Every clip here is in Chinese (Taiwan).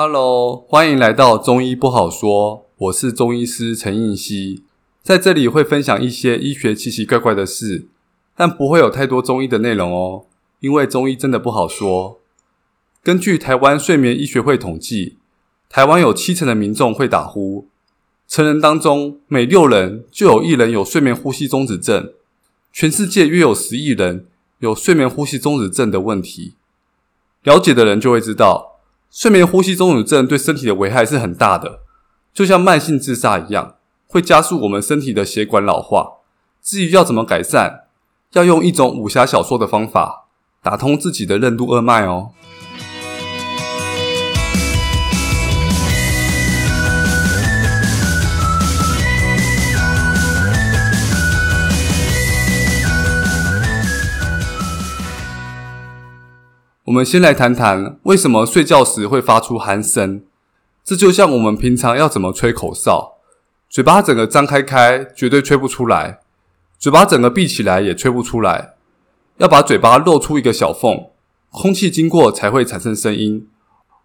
哈嘍，歡迎來到中醫不好說。我是中醫師陳映希，在這裡會分享一些醫學奇奇怪怪的事，但不會有太多中醫的內容哦，因為中醫真的不好說。根據台灣睡眠醫學會統計，台灣有七成的民眾會打呼，成人當中每六人就有一人有睡眠呼吸中止症，全世界約有十億人有睡眠呼吸中止症的問題。了解的人就會知道。睡眠呼吸中止症對身體的危害是很大的，就像慢性自殺一樣，會加速我們身體的血管老化。至於要怎麼改善，要用一種武俠小說的方法，打通自己的任督二脈哦。我們先來談談為什麼睡覺時會發出鼾聲。這就像我們平常要怎麼吹口哨，嘴巴整個張開開絕對吹不出來，嘴巴整個閉起來也吹不出來，要把嘴巴露出一個小縫，空氣經過才會產生聲音。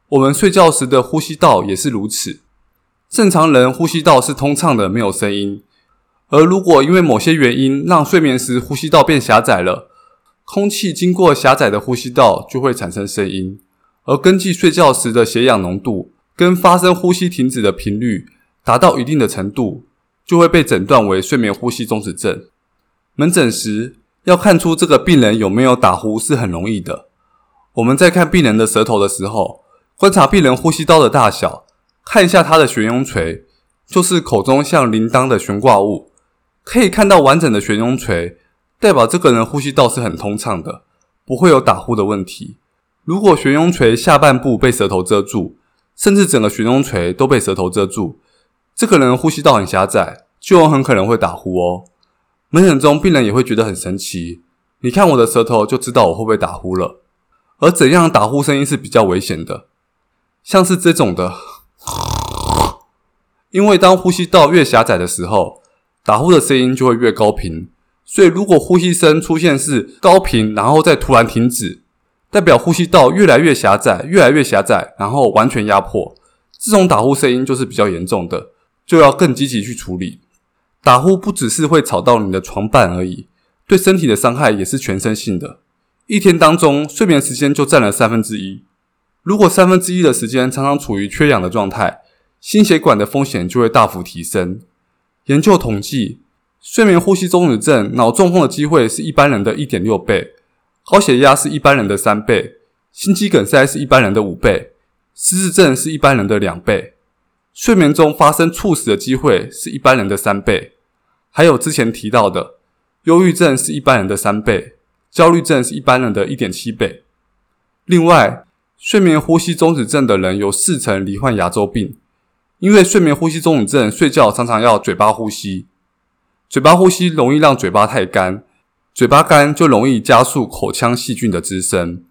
我們睡覺時的呼吸道也是如此，正常人呼吸道是通暢的，沒有聲音，而如果因為某些原因讓睡眠時呼吸道變狹窄了。空氣經過狹窄的呼吸道，就會產生聲音，而根據睡覺時的血氧濃度跟發生呼吸停止的頻率達到一定的程度，就會被診斷為睡眠呼吸中止症。門診時要看出這個病人有沒有打呼是很容易的。我們在看病人的舌頭的時候，觀察病人呼吸道的大小，看一下他的懸雍垂，就是口中像鈴鐺的懸掛物，可以看到完整的懸雍垂，代表這個人呼吸道是很通暢的，不會有打呼的問題。如果懸雍垂下半部被舌頭遮住，甚至整個懸雍垂都被舌頭遮住，這個人呼吸道很狹窄，就很可能會打呼哦。門診中，病人也會覺得很神奇。你看我的舌頭，就知道我會不會打呼了。而怎樣打呼聲音是比較危險的？像是這種的，因為當呼吸道越狹窄的時候，打呼的聲音就會越高頻。所以，如果呼吸聲出現是高頻，然後再突然停止，代表呼吸道越來越狹窄，越來越狹窄，然後完全壓迫。這種打呼聲音就是比較嚴重的，就要更積極去處理。打呼不只是會吵到你的床伴而已，對身體的傷害也是全身性的。一天當中，睡眠時間就占了三分之一，如果三分之一的時間常常處於缺氧的狀態，心血管的風險就會大幅提升。研究統計。睡眠呼吸中止症，腦中風的機會是一般人的一點六倍，高血壓是一般人的三倍，心肌梗塞是一般人的五倍，失智症是一般人的兩倍，睡眠中發生猝死的機會是一般人的三倍。還有之前提到的，憂鬱症是一般人的三倍，焦慮症是一般人的一點七倍。另外，睡眠呼吸中止症的人有四成罹患牙周病，因為睡眠呼吸中止症睡覺常常要嘴巴呼吸。嘴巴呼吸容易讓嘴巴太乾，嘴巴乾就容易加速口腔細菌的滋生。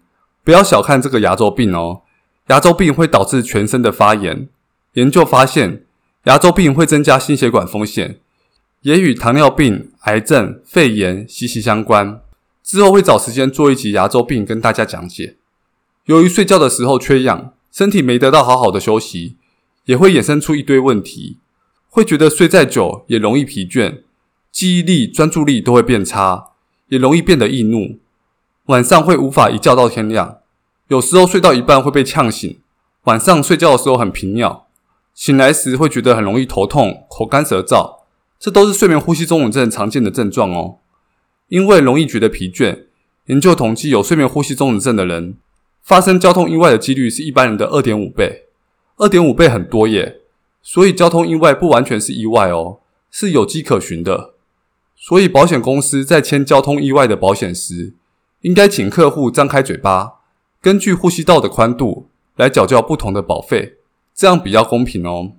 不要小看這個牙周病哦，牙周病會導致全身的發炎。研究發現，牙周病會增加心血管風險，也與糖尿病、癌症、肺炎息息相關。之後會找時間做一集牙周病跟大家講解。由於睡覺的時候缺氧，身體沒得到好好的休息，也會衍生出一堆問題，會覺得睡再久也容易疲倦。記憶力、專注力都會變差，也容易變得易怒，晚上會無法一覺到天亮，有時候睡到一半會被嗆醒，晚上睡覺的時候很頻尿，醒來時會覺得很容易頭痛、口乾舌燥，這都是睡眠呼吸中止症常見的症狀哦。因為容易覺得疲倦，研究統計有睡眠呼吸中止症的人，發生交通意外的幾率是一般人的二點五倍，二點五倍很多耶，所以交通意外不完全是意外哦，是有跡可循的。所以，保險公司在簽交通意外的保險時，應該請客戶張開嘴巴，根據呼吸道的寬度來繳交不同的保費，這樣比較公平哦。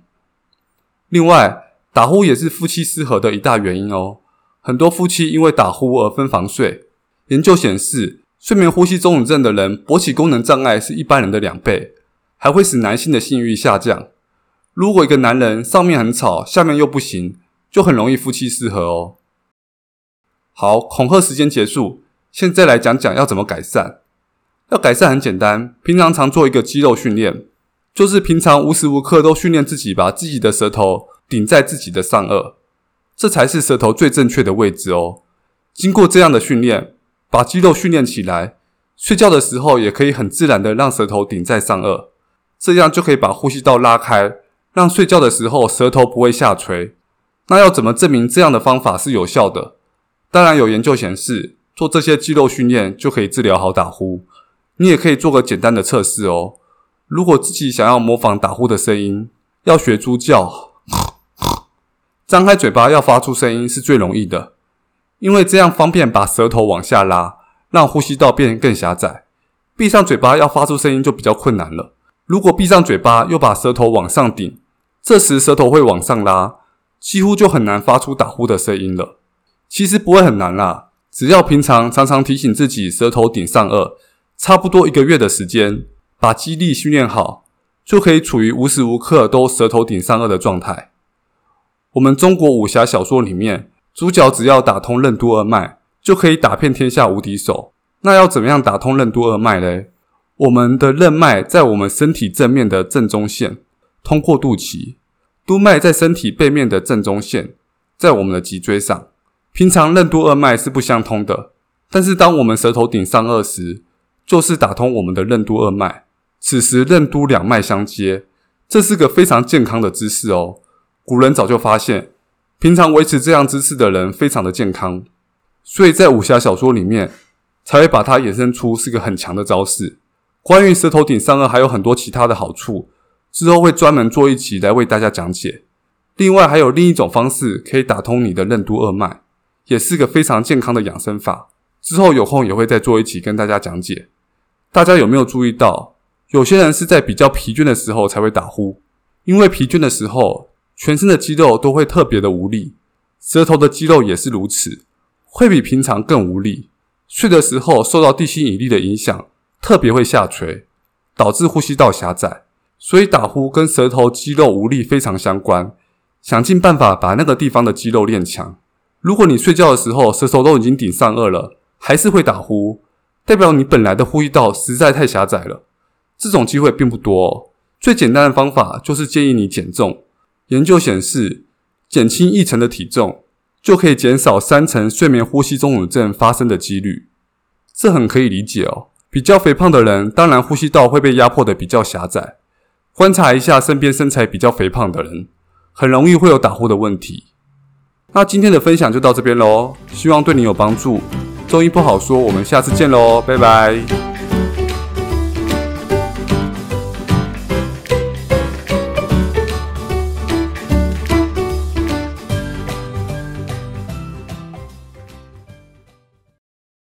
另外，打呼也是夫妻失和的一大原因哦。很多夫妻因為打呼而分房睡。研究顯示，睡眠呼吸中止症的人勃起功能障礙是一般人的兩倍，還會使男性的性欲下降。如果一個男人上面很吵，下面又不行，就很容易夫妻失和哦。好，恐嚇時間結束，現在來講講要怎麼改善。要改善很簡單，平常常做一個肌肉訓練，就是平常無時無刻都訓練自己把自己的舌頭頂在自己的上顎，這才是舌頭最正確的位置哦。經過這樣的訓練，把肌肉訓練起來，睡覺的時候也可以很自然的讓舌頭頂在上顎，這樣就可以把呼吸道拉開，讓睡覺的時候舌頭不會下垂。那要怎麼證明這樣的方法是有效的？當然有研究顯示，做這些肌肉訓練就可以治療好打呼。你也可以做個簡單的測試哦。如果自己想要模仿打呼的聲音，要學豬叫， 張開嘴巴要發出聲音是最容易的，因為這樣方便把舌頭往下拉，讓呼吸道變得更狹窄。閉上嘴巴要發出聲音就比較困難了。如果閉上嘴巴又把舌頭往上頂，這時舌頭會往上拉，幾乎就很難發出打呼的聲音了。其實不會很難啦，只要平常常常提醒自己舌頭頂上顎，差不多一個月的時間，把肌力訓練好，就可以處於無時無刻都舌頭頂上顎的狀態。我們中國武俠小說裡面，主角只要打通任督二脈，就可以打遍天下無敵手。那要怎麼樣打通任督二脈嘞？我們的任脈在我們身體正面的正中線，通過肚臍；督脈在身體背面的正中線，在我們的脊椎上。平常任督二脈是不相通的，但是當我們舌頭頂上顎時，就是打通我們的任督二脈。此時任督兩脈相接，這是個非常健康的姿勢哦。古人早就發現，平常維持這樣姿勢的人非常的健康，所以在武俠小說裡面才會把它衍生出是個很強的招式。關於舌頭頂上顎還有很多其他的好處，之後會專門做一集來為大家講解。另外還有另一種方式可以打通你的任督二脈。也是個非常健康的養生法。之後有空也會再做一期跟大家講解。大家有沒有注意到，有些人是在比較疲倦的時候才會打呼？因為疲倦的時候，全身的肌肉都會特別的無力，舌頭的肌肉也是如此，會比平常更無力。睡的時候受到地心引力的影響，特別會下垂，導致呼吸道狹窄。所以打呼跟舌頭肌肉無力非常相關。想盡辦法把那個地方的肌肉練強。如果你睡覺的時候舌頭都已經頂上顎了，還是會打呼，代表你本來的呼吸道實在太狹窄了。這種機會並不多哦。最簡單的方法就是建議你減重。研究顯示，減輕一成的體重，就可以減少三成睡眠呼吸中止症發生的幾率。這很可以理解哦。比較肥胖的人，當然呼吸道會被壓迫得比較狹窄。觀察一下身邊身材比較肥胖的人，很容易會有打呼的問題。那今天的分享就到這邊嘍，希望對你有幫助。中醫不好說，我們下次見嘍，拜拜。